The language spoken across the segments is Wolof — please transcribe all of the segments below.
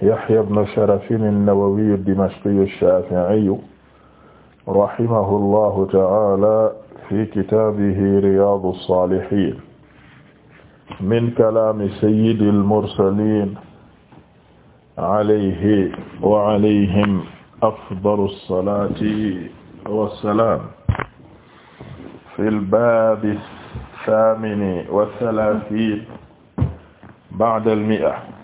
Yahya ibn Sharaf an-Nawawi ad-Dimashqi ash-Shafi'i rahimahu llahu ta'ala fi kitaabihi Riyaadu s-Saalihiin min kalaami sayyidi al-mursaliin alayhi wa alayhim afdalu s-salaati wa s-salaam fil baabi ath-thaamini wa thalaathiin ba'da al-mi'a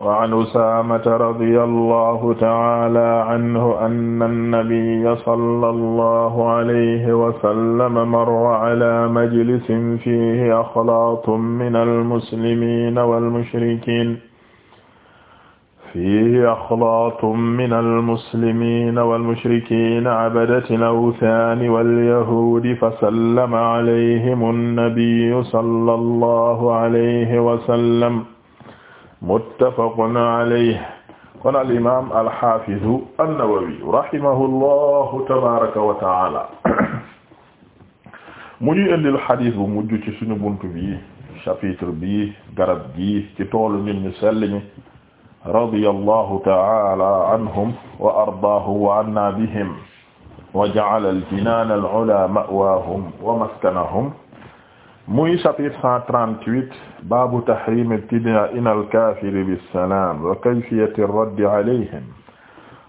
wa an usaamata radiyallahu ta'ala anhu anna an-nabiyya sallallahu alayhi wa sallam marra ala majlisin fiihi axlaatun mina al-muslimiina wal-mushrikiin fiihi axlaatun mina al-muslimiina wal-mushrikiina abadati al-awthaani wal-yahuudi fasallama alayhim an-nabiyyu sallallahu alayhi wa sallam muttafaqun alayhi kon al imaam al xaafizu an-Nawawi rahimahullahu tabaaraka wa ta'aala mu ñuy indil xadiis bu mujj ci suñu bunt bii chapitre bii garab gii ci toolu nit ñu sell ñi radiyallahu ta'aala anhum wa ardaahum wa anna bihim wa ja'ala al jinaana al ulaa ma'waahum wa maskanahum muy chapitre cent trente-huit baabu tahrim ibtida'in al-kaafiri bis-salaam wa kayfiyati ar-raddi alayhim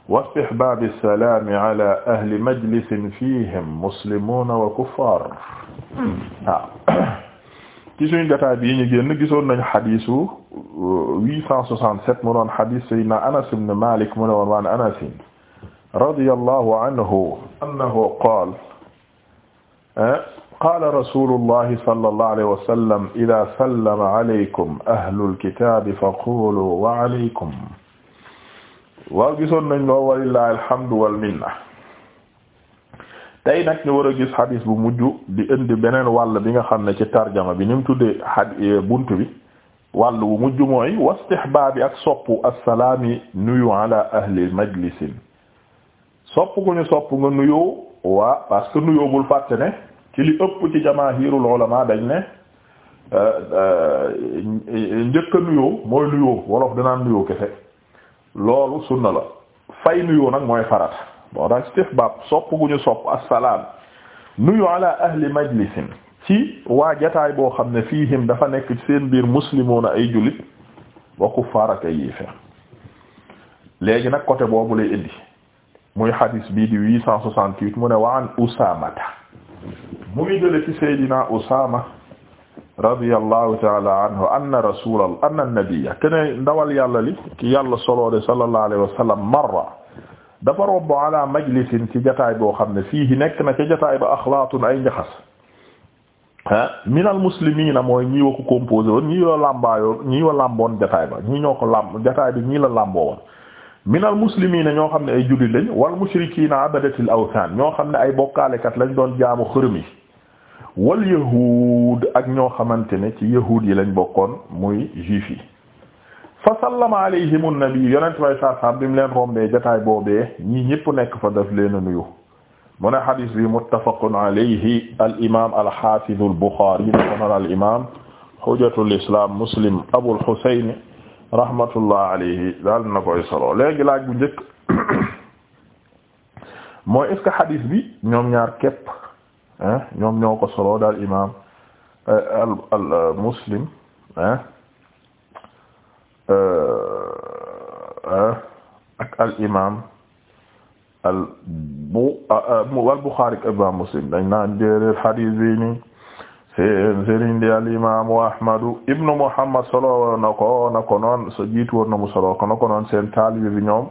wa istihbaabi as-salaami ahli majlisin fiihim muslimuuna wa kuffaar waaw ah. ci suñu gataa bii ñu génn gisoon nañu xadiisu euh, huit cent soixante-sept mu doon Anas ibn Maalik mu ne woon waan Anas radiyallahu anhu annahu eh, qaala rasuulullahi sallallahu alayhi wa sallam idaa sallama aleykum ahlul kitaabi faquulu wa aleykum. waaw gisoon nañ loo walillaahi alhamdu wal minna. tey nag ñu war wàll bi nga xam ne ci tarjama bi ni mu tuddee xad e, buntu bi. wàll mujj mooy wastihbaabi ak soppu assalaami nuyu ala ahli majlisin sopp ku ñu sopp nga nuyoo waa ci li ëpp ci jamaahirul ulama dañ ne euh, euh, njëkk a nuyoo mooy nuyoo wolof danaan nuyoo kese loolu sunna la fay nuyoo nag mooy farata bon daal istihbaab sopp gu ñu sopp assalaam nuyu ala ahli majlisin ci waa boo xam ne fiihim dafa nekk ci seen biir muslimoona ay jullit wa kuffaar ak ay yéefeer léegi nag côté boobu lay indi muy hadis bii di 868 mu ne wa an mu ngi jële ci Seydina Usaama radiyallahu taala anhu anna rasulal anna nabiyya kene ndawal yàlla li ki yàlla soloo de sallallahu alayhi wa sallam marra dafa robbo ala majlisin ci jataay boo xam ne fii nekk na ca jataay ba axlaatun ay njaxas ah minal muslimiina mooy ñii wa ko composé woon ñii la làmbaayoon ñii wa làmboon jataay ba ñii ñoo ko làmb jataay bi ñii la làmboo woon minal muslimiina ñoo xam ne ay jullit lañ wal mushrikiina abadatil awsaan ñoo xam ne ay bokkaalekat lañ doon jaamu xërëm yi wal yahuud ak ñoo xamante ne ci yahuud yi lañ bokkoon muy juif yi fa sallama alayhim an-nabi yonent way saasam bi mu leen rombee jataay boobee ñii ñëpp nekk fa daf leen a nuyu mu ne xadis bi muttafaqun alayhi al imam al hafiz al bukhari na ko noon al imam hujjatul islam muslim abul husayn rahmatullah alayhi daal na koy solo léegi laaj bu njëkk mooy est-ce bi ñoom ñaar képp ñoom ñoo ko solo daal imaam euh, al euh, muslim euh, al imaam al bu al muslim dañ naan jéeréer hadith bi nii. seen sëriñ di al imaamu ahmadu ibnu muhammad solo na ko na ko noon so jiitu woon na mu solo ko na ko noon seen taalibe bi ñoom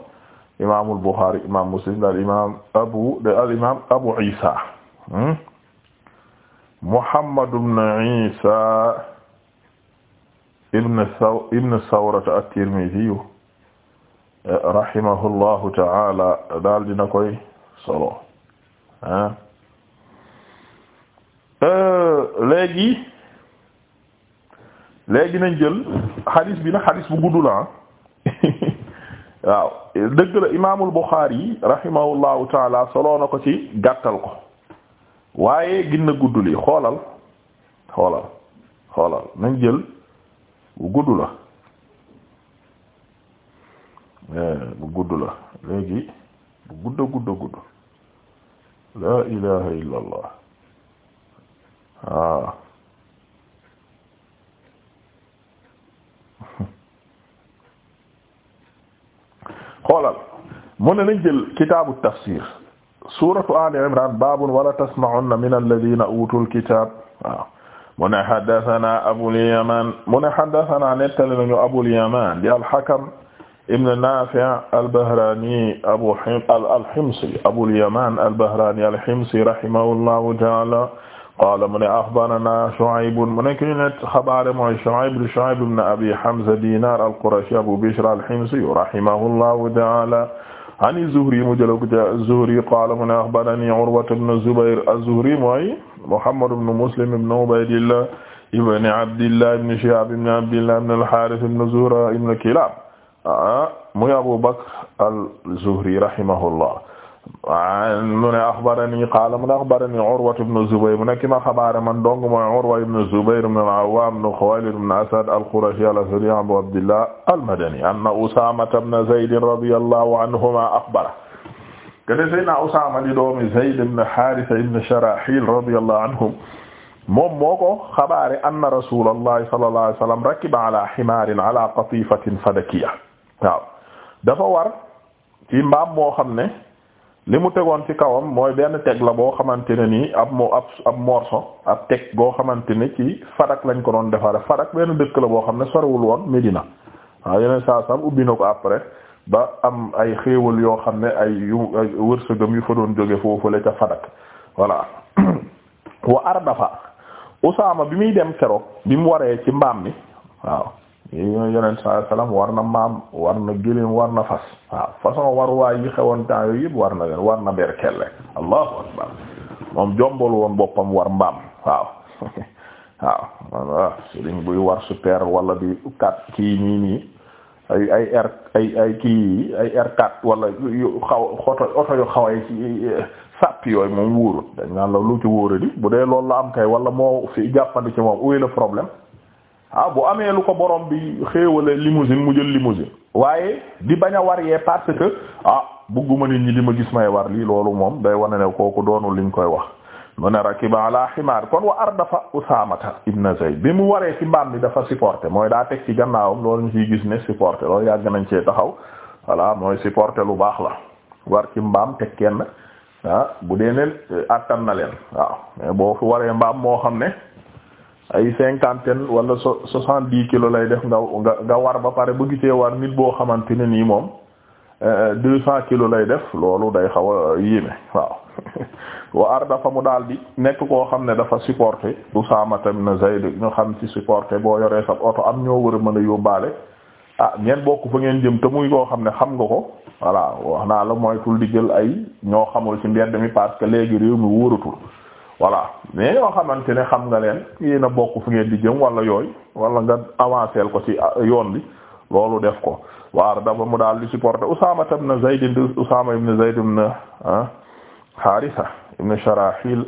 imaamul buxaari imaam muslim al imaam abu de al imaam abu isa hmm? muhammad ibnu isa ibnu saw ibnu sawrata at-tirmidhi rahimahullahu ta'ala daal dina koy solo ah Euh, léegi léegi nañ jël xadis bi nag xadis bu gudd la ah. waaw dëgg la imaamul Buxaari rahimahullahu taala soloo na ko ci gàttal ko waaye gin na gudd li xoolal xoolal xoolal nañ jël bu gudd la eh, bu gudd la léegi bu gudd a gudd a gudd la ilaha illa waaw ah. xoolal mu ne nañ jël kitaabu tafsir suratu ali imran babun wala tasma'unna min alladhina utul kitab waaw mu ne haddathana abul yaman mu ne haddathana nettali nañu abul yaman di al-hakam ibn nafi' al-bahrani abu al-himsi abul yaman al-bahrani al-himsi rahimahullahu ta'ala qaala mu ne axbarana Shuayb mu nekk ñu net xabaare mooy Shuayb Shuayb ibn Abi Hamza Dinar al-Qurashi Abu Bishr al-Himsi rahimahullahu ta'ala an az-Zuhri mu jël ko ci az-Zuhri qaala mu ne axbarani Urwa ibn Zubayr az-Zuhri mooy Muhammad ibn Muslim ibn Ubaydillah ibn Abdillah ibn Shihab ibn Abdillah ibn al-Harith ibn Zuhra ibn Kilab ah, muy Abu Bakr al-Zuhri rahimahullah wa mu ne axbarani qaala mu ne axbarani Urwa ibn Zubayr mu ne ki ma xabaare man dong mooy Urwa ibn Zubayr ibn al-Awwam ibn Khuwaylid ibn Asad al-Qurashi al-Asadi Abu Abdillah al-Madani anna Usama ibn Zayd radiyallahu anhuma axbara kene Seydina Usama di doomi Zayd ibn Haritha ibn Sharahil radiyallahu anhum moom moo ko xabaare anna Rasulullah sallallahu alayhi wa sallam rakiba ala himaarin ala qatifatin fadakiya waaw dafa war ci mbaam moo xam ne li mu tegoon ci kawam mooy benn teg la boo xamante ne nii ab mo ab ab morceau ab teg boo xamante ne ci Fadak lañ ko doon defaree Fadak benn dëkk la boo xam ne sorewul woon Medina waaw yeneen saa sam ubbi na ko après ba am ay xéewal yoo xam ne ay yu wërsëgam yu fa doon jóge foofule ca Fadak voilà wa ardafa Usaama bi muy dem keroog bi mu waree ci mbaam mi waaw yooyu yeneen saa salaam war na maam war na gëléem war na fas waaw façon waruwaay yi xewoon temps yëpp war na leen war na berkelle allahu akbar moom jombal woon boppam war mbaam waaw waaw waaw ah, sëriñ buy war super wala di kat kii nii nii ay ay R ay ay kii ay R4 wala yu xaw oto oto yu xaw ay sàpp yooyu moom wóorul dañ naan la lu ci wóora di bu dee loolu la am kay wala moo fi jàppandi ci moom où est le problème ah bu amee lu ko borom bi xéewale limousine mu jël limousine waaye di bañ a war yee parce que ah bugguma nit ñi di ma gis may war lii loolu moom day wane ne kooku doonul ñu koy wax mu ne rakiba ala ximaar kon wa ardafa usaamata ibn zayd bi mu waree ci mbaam bi dafa supporté mooy daa teg ci gannaawam loolu ñu ciy gis ne supporté loolu yàgg nañ cee taxaw voilà mooy supporté lu baax la war ci mbaam teg kenn ah bu dee ne eh, attan na leen waaw mais mbaam moo xam ne ay cinquantaine wala so soixante dix kilos lay def nga nga war ba pare bëgg cee war nit boo xamante ne nii moom euh, deux cent kilos lay def loolu day xaw a yéeme waaw wa ar dafa mu daal di nekk koo xam ne dafa supporté Usaama ibn Zayd ñu xam ci supporté boo yoree sa oto am ñoo war a mën a yóbbaale ah ngeen bokk fa ngeen jëm te muy koo xam ne xam nga ko voilà wax naa la moytul di jël ay ñoo xamul ci mbedd mi parce que léegi réew mi wóoratul voilà mais yoo xamante ne xam nga leen yéen a bokk fu ngeen di jëm wala yooy wala nga avancé ko ci ah, yoon bi loolu def ko waar dafa mu daal li supporté Usaama ibn Zayd Usaama ibn Zayd ibn Haarisa ah, ibn Sharahil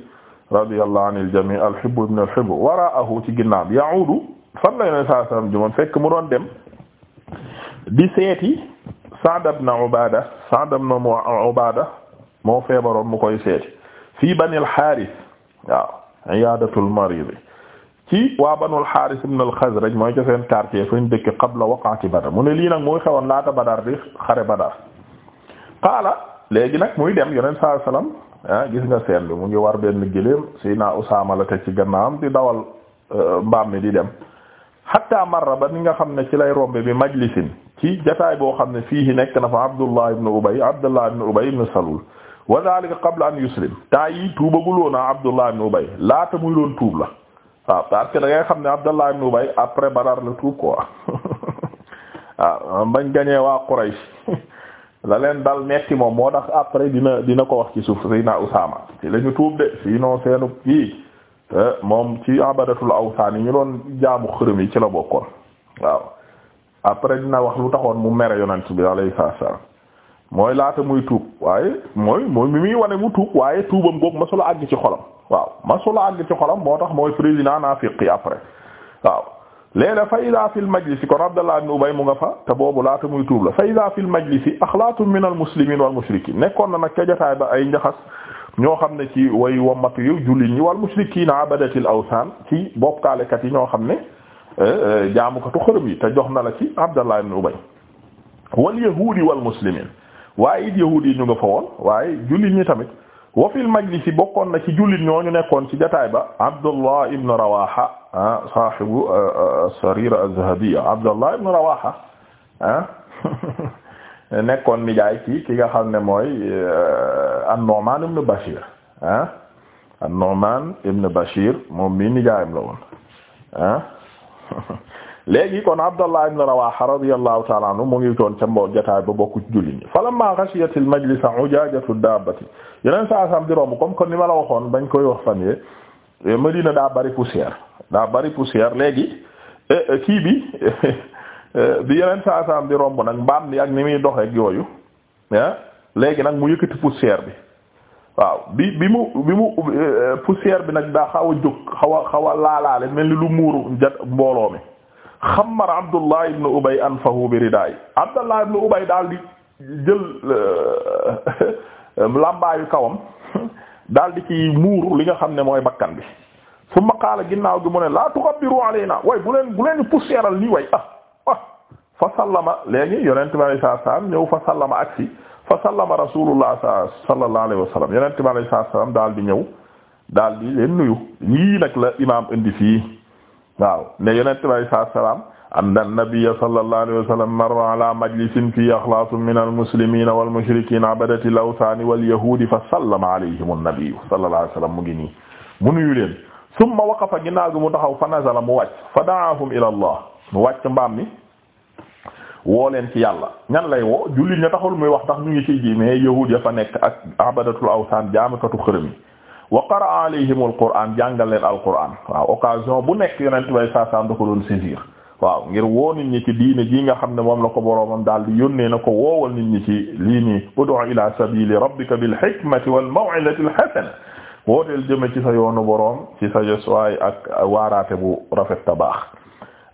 radiyallahu anil jami' al-hibb ibn al-hibb waraahu ci ginnaaw ya'udu fan la Yonent sallallahu alayhi fekk mu doon dem di seeti Sa'd ibn Ubaada moo feebaroon mu koy seeti fii Bani al-Haaris waaw iyaadatul marid ci waa banul Haaris ibn al-Khazraj mooy ca seen quartier fañ dëkk qabla waqaati Badar mu ne lii nag mooy xewoon laata Badar di xare Badar qaala léegi nag muy dem yonent saa ah, gis nga seen bi mu ngi war benn si Sina Usaama la te ci gannaawam di dawal euh, mbaam mi di dem hatta marra ba ni nga xam ne ci lay rombe bi majlisin ci jataay boo xam ne fii nekk na fa Abdullah ibn Ubay Abdullah ibn Ubay ibn Salul daal dhalika qabla an yuslim taa yi tuubagul woon a Abdullah ibn Ubay laata muy doon tuub la waaw parce que xam ne Abdullah ibn bay après Badar la tuub quoi waaw bañ gañee waa Quraysh la leen dal metti moom moo tax après dina dina ko wax ci suuf Seydina Usaama ci la ñu tuub de sinon seenu kii eh, moom ci abadatul awsaan yi ñu doon jaamu xërëm yi ci la bokkoon waaw après dina wax lu taxoon mu mere yonent bi alayhi salaam mooy laata muy tuub waaye mooy mooy mi muy wane mu tuub waaye tuubam googu la àgg ci xolam waaw ma masula àgg ci xolam moo tax mooy président naafiqi après waaw léeg-léeg fa ida fi l majlisi kon Abdallah ibn Ubay mu nga fa te boobu laata muy tuub la fa ida fi l majlisi axlaatun min al muslimin wal mushrikin nekkoon na nag ca jotaay ba ay njaxas ñoo xam ne ci way wammatu yu jullit ñi wal mushrikiina abadatil awsaan ci bokkaalekat yi ñoo xam ne eh, eh, jaamukatu xërëm yi te jox na la ci Abdallah ibn Ubay wal yahuudi waaye it yahuud yi ñu nga fa woon waaye jullit ñi tamit wa fil majlisi bokkoon na ci jullit ñooñu nekkoon ci jataay ba Abdullah ibn Rawaha ah saahibu ah, ah, sarira az-zahabiyya Abdullah ibn Rawaha ah nekkoon nijaay ci ki nga xam ne mooy eh, an-Nu'man ibn Bashir ah an-Nu'man ibn Bashir moom mi nijaayam la woon ah léegi kon Abdallah ibn Rawaha radiyallahu ta'ala anhu mu ngi toon ca mbo jotaay ba bokku ci julli ñi falamma ghashiyatil majlisa ujajatu dabbati yeneen saa sam di romb comme kon ni ma la waxoon bañ koy wax fan yee eh, Medina daa bari poussière daa bari poussière léegi eh, eh, kii bi bi yeneen saa sam di romb nag mbaam bi ak ni muy doxee ak yooyu ah léegi nag mu yëkkati poussière bi waaw bi bi mu bi mu poussière bi nag daa xaw a jóg xaw a xaw a laalaale mel ni lu muuru jat mbooloo mi xammar Abdullah ibn Ubay anfahu bi ridaay Abdullah ibn Ubay daal di jël euh, làmbaayu kawam daal di ci muur li nga xam ne mooy bakkan bi summa qaala ginnaaw gi mu ne la tuxabbiru alayna way bu leen bu leen poussièral nii way ah, ah. fa sallama léegi yonent bi alayhi salaam ñëw fa sallama aksi fa sallama rasulullah sallallahu alayhi wa sallam yonent bi alayhi salaam daal di ñëw daal di leen nuyu lii nag la imaam indi fii waaw ne yonent bi saa salaam anna nabiyya sallallahu alayhi wa sallam marra ala majlisin fiihi axlaasun mina al-muslimiina wal-mushrikiina abadati al-awthaani wal-yahuudi fa sallama alayhimu an-nabiyyu sallallahu alayhi wa sallam mu ngi nii mu nuyu leen summa waqafa ginnaaw gi mu taxaw fa nazala mu wàcc fa da'aahum ila Allah mu wàcc mbaam mi woo leen ci yàlla ñan lay woo jullit ña taxul muy wax tax ñu ngi ci ji mais yahuud ya fa nekk ak abadatul awthaan jaamukatu xërëm yi wa qara'a alayhim alquran jàngal leen alquran waaw occasion bu nekk yonent bay saasaam da ko doon saisir waaw ngir woo nit ñi ci diine ji nga xam ne moom la ko boroomam daal di yónnee na ko woowal nit ñi ci lii nii ud'u ila sabili rabbika bil hikmati wal maw'izati al hasana wooteel jëme ci sa yoonu boroom ci sa joswaay ak waaraate bu rafet ta baax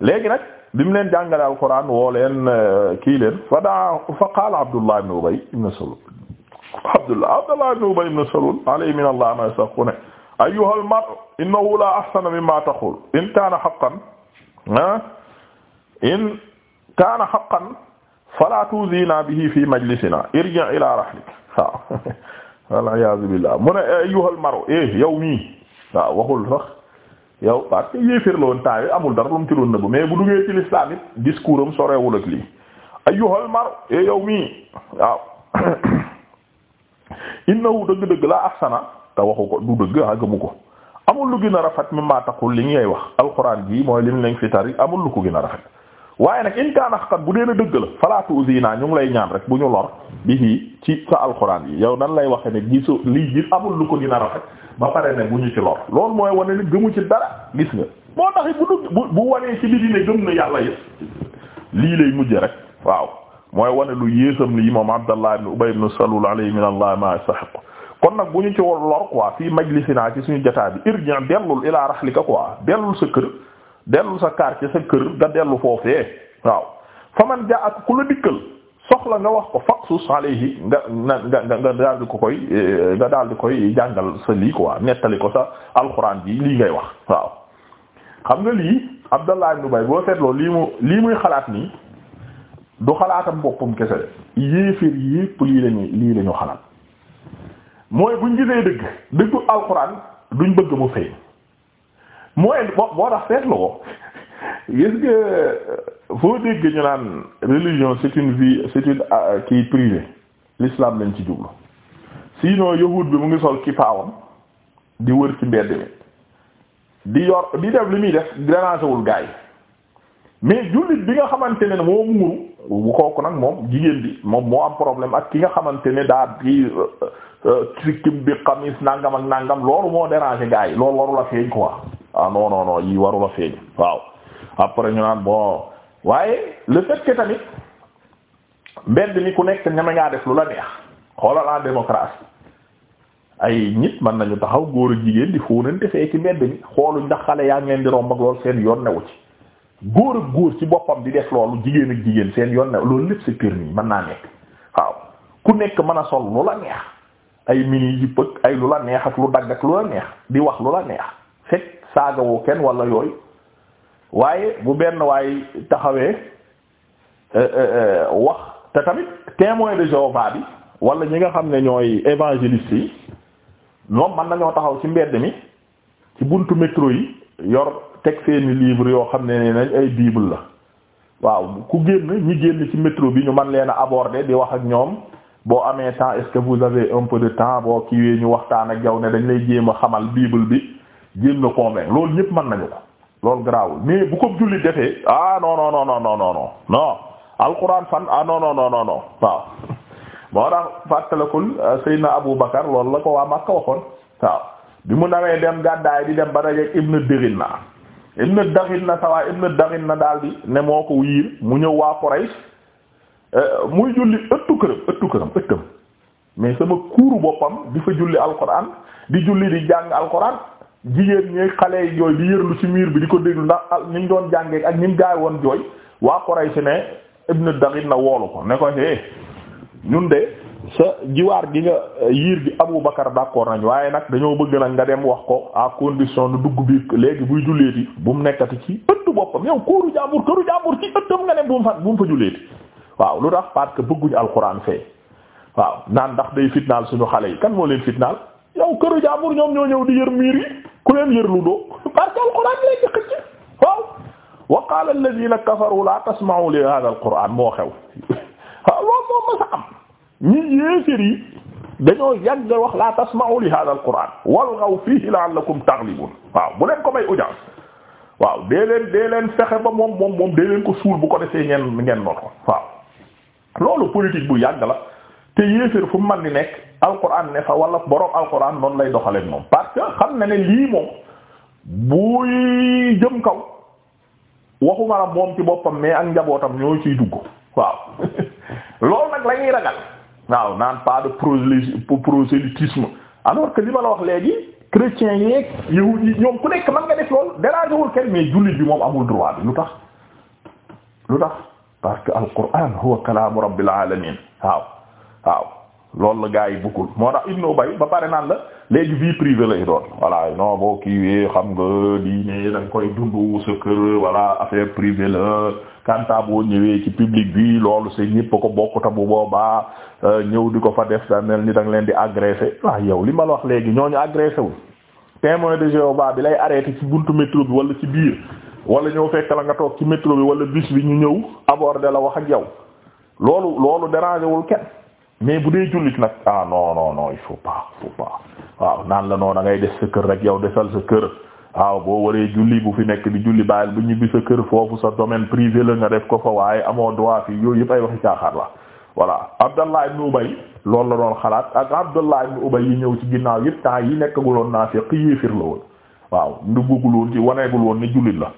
léegi nag bi mu leen jàngale alquran woo leen kii leen fa daa fa qaala abdullah ibn ubay ibn Abdullah Abdullah ibn Ubay ibn Salul alayhi min Allah ma yasaquna ayyuha al-mar'u innahu la ahsana mimma taqul in kana haqqan in kana haqqan fala tuzina bihi fi majlisina irji' ila rahlik waaw wal iyaazu billah mu ne eh, ayyuha al-mar'u eh yow mii waaw waxul sax yow parce que yéeféer la woon temps yi amul dara lu mu ci doon nëbb mais bu duggee ci l'islam it discours am sorewul ak lii ayyuha al-mar'u eh yow mii waaw innahu dëgg-dëgg laa ahsana te waxu ko du dëgg ah gëmu ko amul lu gën a rafet mimma taqul li ngay wax alxuraan jii mooy lim lañ fi tari amul lu ko gën a rafet waaye nag in kaana haqqan bu dee na dëgg la falaatu uzina ñu ngi lay ñaan rek bu ñu lor bi ci sa alxuraan yi yow nan lay waxe ne gisu lii gis amul lu ko gën a rafet ba pare ne bu ñu ci lor loolu mooy wane ne gëmu ci dara gis nga moo tax bu bu bu wanee ci bi di gëm na lay mujje rek waaw mooy wane lu yéesam lii moom Abdallah ibn Ubay ibn Salul alayhi min Allah ma yastahiq kon nag bu ñu ci war lor quoi fii majlisinaa ci suñu jotaay bi irji' dellul ilaa rahlika quoi dellul sa kër dellul sa quartier sa kër nga dellu foofee waaw fa man ja'ak ku la dikkal soxla nga wax ko faqsus sa nga nga nga nga daal ko koy nga daal di koy jàngal sa lii quoi nettali ko sa alxuraan bi lii ngay wax waaw xam nga lii Abdallah ibn Ubay boo seetloo lii mu lii muy xalaat nii. du xalaatam boppam kese de yéeféer yépp lii lañu lii lañu xalaat mooy buñ gisee dëgg dëggu alxuraan duñ bëgg mu feeñ mooy bo- boo tax seetlu ko gis nga foo dégg ñu naan religion c'est une vie c'est une kii euh, privée lislaam lañ ci jublu sinon yahud bi mu ngi sol kipaawam di wër ci mbedd mi di yor di def li muy def dérangé wul mais jullit bi nga xamante ne moo muuru bu kooku nag moom jigéen bi moom moo am problème ak ki nga xamante ne daal di sikkim euh, euh, bi xamis nangam ak nangam loolu moo déranger gars yi loolu warula feeñ quoi ah yi warula feeñ waaw après ñu naan bon waaye le fait que tamit mbedd ni ku nekk ma ngaa def lu la neex xoolal la démocratie ay nit mën nañu taxaw góor a jigéen di fóonante fee ci mbedd mi xooluñ ndax xale yaa ngeen di romb ak loolu seen yoon newu ci góor ak góor ci boppam di des loolu jigéen ak jigéen seen yoon ne loolu lépp c'est permis mën naa nekk waaw ku nekk mën a sol lu la neex ay mini ji pëg ay lu la neex ak lu dagg ak lu la neex di wax lu la neex fekk saagawoo kenn wala yooyu waaye bu benn waay taxawee euh, euh, euh, wax te tamit témoin de Jéhovah bi wala ñi nga xam ne ñooy évangéliste yi ñoom mën nañoo taxaw ci mbedd mi ci buntu métro yi yor teg seeni livre yoo xam ne nañ ay bible la waaw ku génn ñi génn ci métro bi ñu man leen a aborder di wax ak ñoom boo amee temps est-ce que vous avez un peu de temps boo kiiwee ñu waxtaan ak yow ne dañ lay jéem a xamal bible bi jéem la lool loolu ñëpp mën nañu ko loolu garaawul mais bu ko julli defee ah non non non non non non non non fan ah non non non waaw moo tax fàttalakul euh, Seydina Abu Bakar loolu la ko waa Makka waxoon waaw bi mu nawee dem gàddaay di dem ba dajeek ibn daxin na sawaay ibn daxin na daldi ne moo ko wiir mu ñëw waa Quraysh eh, muy julli ëttu këram ëttu këram ëttam mais sama kuuru boppam di fa julli alquran di julli di jàng alquran jigéen ñi xale jooy di yërlu ci miir bi di ko déglu ndax ni mu doon jàngee ak ni mu jaay woon jooy waa Quraysh ne ibn daxin na woolu ko ne ko hé eh, ñun de sa jiwaar gi nga euh, yiir bi Abu Bakar d'accord nañu waaye nag dañoo bëgg nag nga dem wax ko a condition nu dugg bi léegi buy julleeti bu mu nekkati ci ëtt boppam yow kóoru jàmbur këru jàmbur ci ëttam nga dem bu mu fa bu mu fa julleeti waaw lu tax parce que bëgguñu alxuraan fee waaw naan ndax day fitnaal suñu xale yi kan moo leen fitnaal yow këru jàmbur ñoom ñoo ñëw di yër miir yi ku leen yër lu doo parce que alxuraan lay jëkk ci waaw wa qala la tasma'u li ñu yéefér yi dañoo yàgg wax la tasma'u li hadha al-qur'an walghaw fihi la'allakum taghlibun waaw bu leen ko may audience waaw dee leen dee leen fexe ba moom moom moom dee leen ko suul bu ko defee ngeen ngeen noot waaw loolu politique bu yàgg la te yéeféer fu mu mën di nekk alquran ne fa wala borom alquran noonu lay doxalee moom parce que xam na ne lii moom buy jëm kaw waxuma la moom ci boppam mais ak njabootam ñoo ciy dugg waaw loolu nag lañuy ragal waaw naan pas de prosélytisme alors que li ma la wax léegi chrétiens yeeg yahud yi ñoom ku nekk man nga def loolu déranger wul kenn jullit bi moom amul droit lu tax lu tax parce que al qur'an huwa kalaamu rabbil alamin waaw waaw loolu la gaa yi bukkul moo tax Ibn Ubay ba pare naan la léegi vie privée lay doon voilà non boo kiiwee xam nga diine da nga koy dund sa kër voilà affaire privée la kanta boo ñëwee ci public bi loolu c'est ñëpp ko bokk ta bu boobaa euh, ñëw di ko fa def da mel ni da nga leen di agressé waaw yow li ma la wax léegi ñoo ñu wul témoin de Jéhovah bi lay arrêté ci buntu métro bi wala ci biir wala ñëw fekk la nga toog ci métro bi wala bis bi ñu ñëw aborder la wax ak yow loolu loolu mais bu dee jullit nag ah non non waaw naan la noonu da ngay des sa kër rek yow desal sa kër waaw boo waree julli bu fi nekk di julli bàyyil bu ñibbi sa kër foofu sa domaine privé la nga def ko fa waaye amoo droit fi yooyu yëpp ay waxi caaxaar la voilà Abdallah ibn Ubay loolu la doon xalaat ak Abdallah ibn Ubay yi ñëw ci ginnaaw yëpp temps yi nekkaguloon naafiq yéefir la woon waaw ndugugul woon ci waneegul woon ni jullit la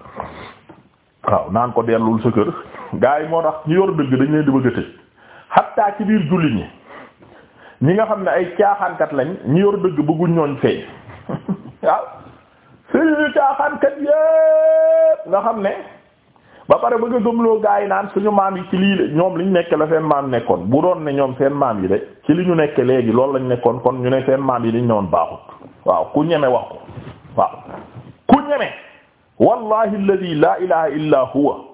waaw naan ko dellul sa kër gaa yi moo tax ñu yor dëgg dañ leen di bëgg xatta ci biir julli ñi ñi nga xam ne ay caaxaankat lañ ñi yor dëgg bëgguñ ñooñ feeñ waaw suñu caaxaankat yépp nga xam ne ba pare bëgg a gëmloo gaa naan suñu maam yi ci lii la ñoom liñ nekk la seen maam nekkoon bu doon ne ñoom seen maam yi de ci li ñu nekk léegi loolu lañ nekkoon kon ñu ne seen maam yi liñ newoon baaxut waaw ku ñeme wax ko waaw ku ñeme wallahi alladhi la huwa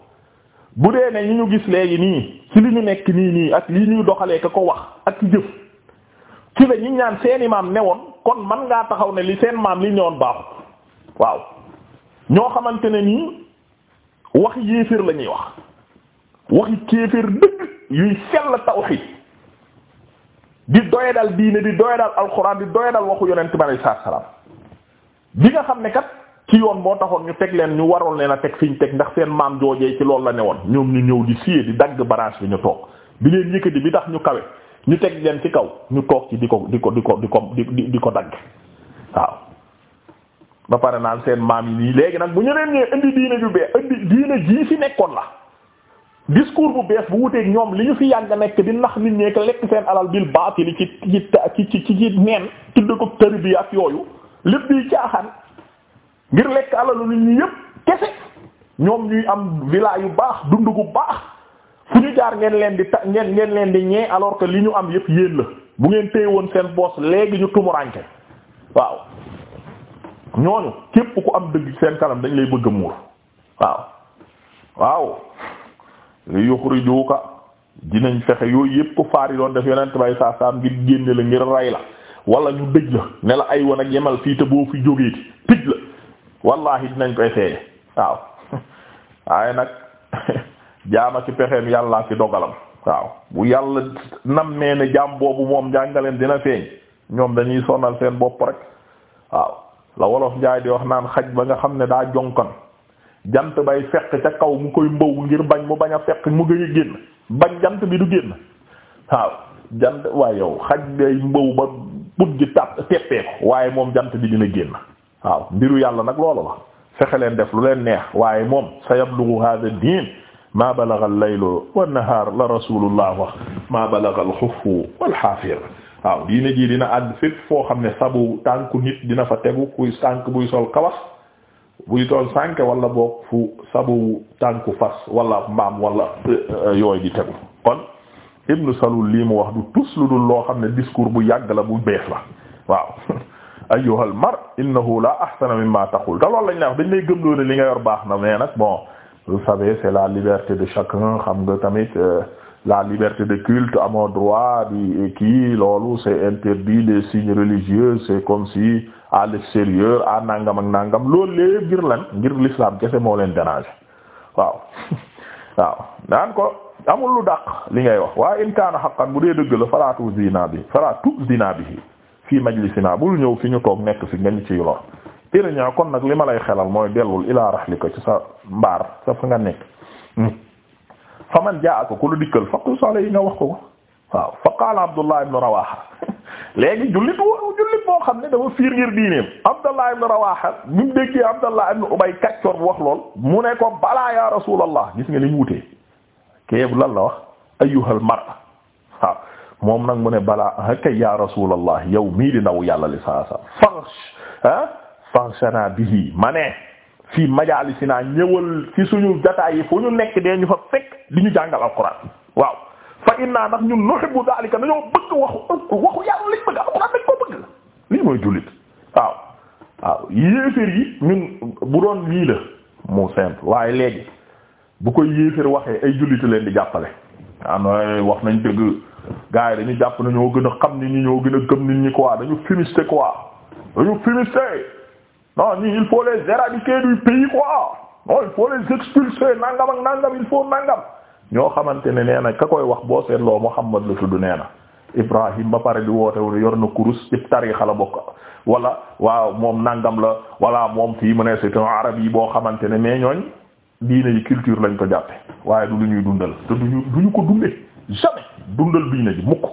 bu dee ne yi ñu gis léegi nii ci li ñu nekk nii nii ak li ñuy doxalee ka ko wax ak ci jëf ci la ñu ñaan seeni maam ne woon kon man ngaa taxaw ne li seen maam li newoon baaxut waaw ñoo xamante ne nii waxi yéeféer la ñuy wax waxi kéeféer dëgg yuy sell tawxiid di doyadal diine di doyadal alxuraan di doyadal waxu yonent bi alayhi salaam bi nga xam ne kat ci yoon moo taxoon ñu teg leen ñu waroon leen a teg fi ñu teg ndax seen maam joojee ci loolu la ne woon ñoom ñu ñëw di siyee di dagg branche bi ñu toog bi leen yëkkati bi tax ñu kawe ñu teg leen ci kaw ñu toog ci di ko di ko di ko di ko di di ko dagg waaw. ba pare naan seen maam yi nii léegi nag bu ñu leen ñëwee indi diine ju bee indi diine jii fi nekkoon la discours bu bees bu wuteeg ñoom li ñu fi yàgg nekk di nax nit ñi lekk seen alal bil baatil ci ci ci ci ci neen tudd ko tër bi ak yooyu lépp di caaxaan. ngir lekk alalu nit ñu yépp kese ñoom ñuy am villa yu baax dund gu baax fu ñu jaar ngeen leen di ta ngeen ngeen leen di ñee alors que li ñu am yépp yéen la bu ngeen téye woon seen boos léegi ñu tumuranke waaw ñooñu képp ku am dëgg seen kanam dañ lay bëgg a muur waaw waaw li yuxrijuka dinañ fexe yooyu yépp faar yi doon def yonent bay saa saam ngir génne la ngir rey la wala ñu dëj la ne la ay wan ak yemal fii te boo fi jógeeti tëj la wallahi dinañ koy seede waaw waaye nag jaama ci pexeem yàllaa ci dogalam waaw bu yàlla nam nee ne jaam boobu moom njàngaleen dina feeñ ñoom dañuy sonal seen bopp rek waaw la wolof njaay di wax naan xaj ba nga xam ne daa jonkan jant bay fekk ca kaw mu koy mbaw ngir bañ mu bañ a fekk mu gën a génn bañ jant bi du génn waaw jant waaye yow xaj bay mbaw ba put gi tàpp teppee ko waaye moom jant bi dina génn waaw mbiru yàlla nag loolu la fexe leen def lu leen neex waaye moom sa yablughu hadha ad maa ma balagha al-laylu wan-nahar la rasulullah wax ma balagha al-khuffu wal-hafir waaw diine ji dina àgg fépp foo xam ne sabu tànku nit dina fa tegu kuy sànk buy sol kawas tool sànk wala boog fu sabu tànku fas wala mbaam wala euh, euh, yooy di tegu kon Ibn Salul lii mu wax du tus lu dul loo xam ne discours bu yàgg la bu bees la waaw ayyuhal mar innahu la ahsana mimma taqul te loolu lañ lay wax dañ li nga yor baax na mais nag bon vous savez c'est la liberté de chacun xam nga tamit euh, la liberté de culte amoo droit di kii loolu c'est interdit les signes religieux c'est comme si à l'extérieur à nangam ak nangam loolu léegi ngir lan ngir l'islam kese moo leen déranger waaw waaw naan ko amul lu dàq li ngay wax waa in kaana haqqan bu dee dëgg fala tu zina bi fala tu zina bihi fii majlisinaa bul ñëw fi ñu toog nekk fi nga ñu ciy lor iriñaa kon nag li ma lay xelal mooy dellul ilaa ko ci sa mbaar sa fa nga nekk hmm. fa man jaa ko ku lu dikkal faqus alayhi nga wax ko ko waaw fa qaala Abdullah ibn Rawaha léegi jullit woo jullit boo xam ne dafa fiir ngir diineem Abdullah ibn Rawaha bi déggee Abdullah ibn Ubay kaccoor bu wax lool mu ne ko balaa ya rasulallah gis nga li ñu wutee kéeb lan la wax ayyuhal mar'a moom nag mu ne balaa hakay ya rasulallah yow mii di ndaw yàlla li saa saa farsh ah farshana bihi ma ne fii majaalisinaa ñëwal ci suñu jotaay yi fu ñu nekk dee ñu fa fekk di ñu jàngal alquran waaw fa inna ndax ñun nuhibbu daalika dañoo bëgg waxu waxu yàlla lañ bëgg alquran dañ ko bëgg lii mooy jullit waaw waaw yéeféer yi ñun bu doon lii la mu simple waaye léegi bu koy yéeféer waxee ay jullit leen di jàppale. waaw ah, wax nañ dëgg. gars yi dañu jàpp nañoo gën a xam nit ñi ñoo gën a gëm nit ñi quoi dañu fumiste quoi dañu fumiste non ñi il faut les éradiquer du pays quoi non il faut les expulser nangam il faut nangam ñoo xamante ne nee na ka koy wax boo seetloo Muhammad la tudd nee na Ibrahim ba pare bi woote wu yor na kurus ci tariixa la bokk wala waaw moom nangam la wala moom fii mu ne c'est un arabe yi boo xamante ne mais ñooñ diine yi culture lañ ko jàppe waaye du lu ñuy dundal te duñu duñu ko dundee jamais dundal diine ji mukk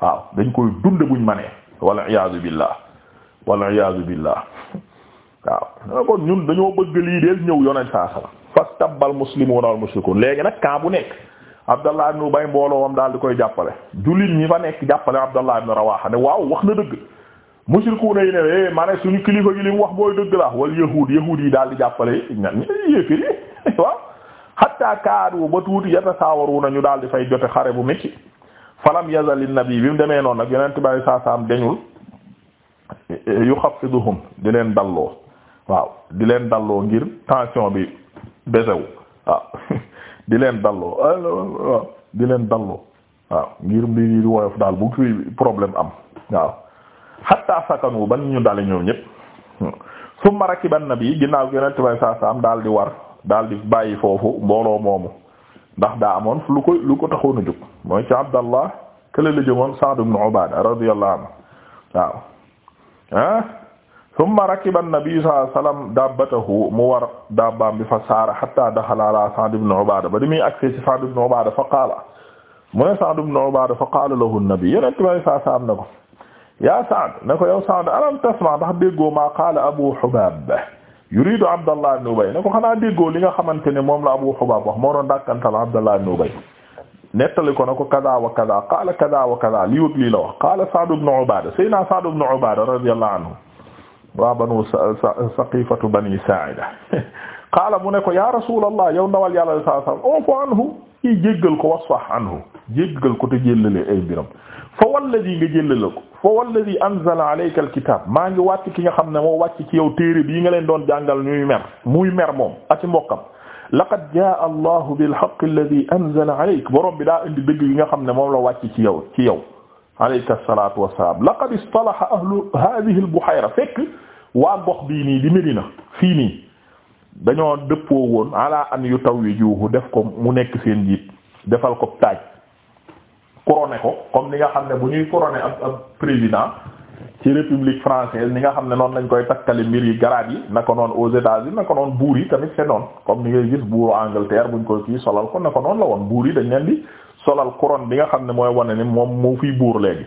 waaw dañ koy dunde buñ manee walla iyaazu billaah walla iyaazu billaah waaw kon ñun dañoo bëgg lii deel ñëw yonent saa sala fastabbal muslimuuna wal mushrikuun léegi nag camp bu nekk Abdallah ibn Ubay mbooloo am daal di koy jàppale jullit ñi fa nekk jàppale Abdallah ibn Rawaha ne waaw wax na dëgg mushrikuuna yi ne eh, ma ne suñu kilifa gi li mu wax booy dëgg la wal yahuud yahuud yi daal di jàppale ñan yéefir yi waaw hatta kaadu ba tuuti yatasaawaruuna ñu daal di fay jote xare bu métti falam yazali nabi bi mu demee noon nag yonent bi saa saam deñul yuxaffiduhum di leen dalloo waaw di leen dalloo ngir tension bi besewu waaw di leen dalloo waaw di leen dalloo waaw woyof daal bu fi problème am waaw hatta sakanu ban ñu dale ñoom ñëpp hmm. summa rakiban nabi ginnaaw yonent bi saa saam daal di war. daal di bàyyi foofu booloo moomu ndax daa amoon lu ko lu ko taxoon a jóg mooy ci Abdallah kële la jëmoon Sa'd ibn Ubaada radiyallahu anhu ah, an-nabi sallallahu alayhi wasallam dabbatahu mu war dabbaam bi fa saara hatta daxala ala Sa'd ibn Ubaada ba di muy mu ne Sa'd ibn Ubaada fa qaala lahu an-nabi yeneen tubaab saa saa am alam tasma' ndax déggoo maa qaala Abu Hubaab yuridu Abdallah ibn Ubay ne ko xanaa déggoo li nga xamante ne moom la Abu Hubaab wax moo doon dàkkantal Abdallah ibn Ubay nettali ko na ko kaza wa kaza qaala kaza wa kaza lii wëg lii la wax qaala Sa'd ibn Ubaada Seydina Sa'd ibn Ubaada radiyallahu anhu waa banu saqifatu bani Saa'ida qaala mu ne ko ya Rasuulallah yow ndawal yàlla sallallahu alayhi wa sallam afu anhu kii jéggal ko wasfah anhu jéggal ko te jéllale ay mbiram fa walladi nga jéllale ko fa walladi anzala alayka alkitab maa ngi wàcc ki nga xam ne moo wàcc ci yow téere bii nga leen doon jàngal ñuy mer muy mer moom ak mbokkam laqad jaa allahu bilhaq alladi anzala bi daa indi dëgg yi nga xam ne moom la wàcc ci yow ci yow alayka salatu wasalaam laqad istalaha ahlu hadihi albuhayra fekk waa gox bii nii di Medina fii nii dañoo dëppoo woon ala an yutawwijuhu def ko mu nekk seen jiit defal ko taaj couronné ko comme ni nga xam ne bu ñuy couronné ab ab président ci république française ni nga xam ne noonu lañ koy takkali mbir yi garaat yi naka noonu aux États-Unis naka noonu buur yi tamit c'est noonu comme ni ngay gis buuru koy kii solal ko naka noonu la woon buur yi dañ leen di solal couronne bi nga xam ne mooy wane ni moom moo fiy buur léegi.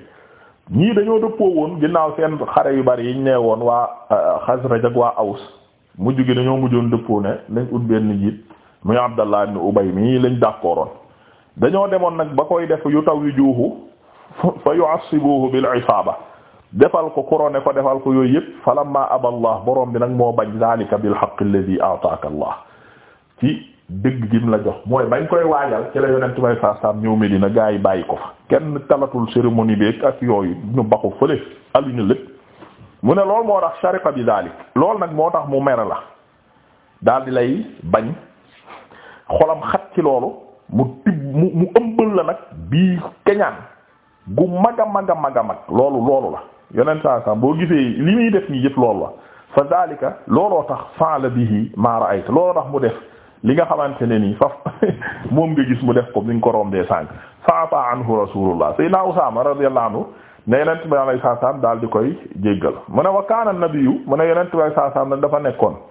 ñii dañoo dëppoo woon ginnaaw seen xare yu bari yi ñu nee woon waa Xasraj euh, ak waa Aws mujj gi dañoo mujjoon dëppoo ne nañ ut benn njiit muy Abdallah ibn Ubay mii lañ d'accordoon dañoo demoon nag ba koy def yu taw yu juuxu fa yu'assibuhu bil isaaba defal ko couronné ko defal ko yooyu yëpp falamma aballah borom bi nag moo bañ zalika bil haqqi alladhi ataaka allah ci dëgg gim la jox mooy bañ koy waajal ci la yonent bay saa saam ñëw gaa yi bàyyi ko fa kenn talatul cérémonie beeg ak yooyu ñu baxu fële aluñu lépp ne loolu moo tax sharifa bi daalik loolu nag moo tax mu mere la daal di lay bañ xolam xat ci loolu mu tib mu mu ëmbal la nag bii keñaan gu mag a mag a mag a mag loolu loolu la yonent saa boo gisee li muy def nii yëpp loolu la fa dalika looloo tax faala maara ay ra'ayta looloo tax mu def li nga xamante ne nii faf moom nga gis mu def ko mi nga ko rombee sànq fa'afa anhu rasulullah sayyidina Usaama radiyallahu anhu ne yonent bi alayhi salaam daal di koy jéggal mu ne wa kaana nabiyyu mu ne yonent bi alayhi salaam dafa nekkoon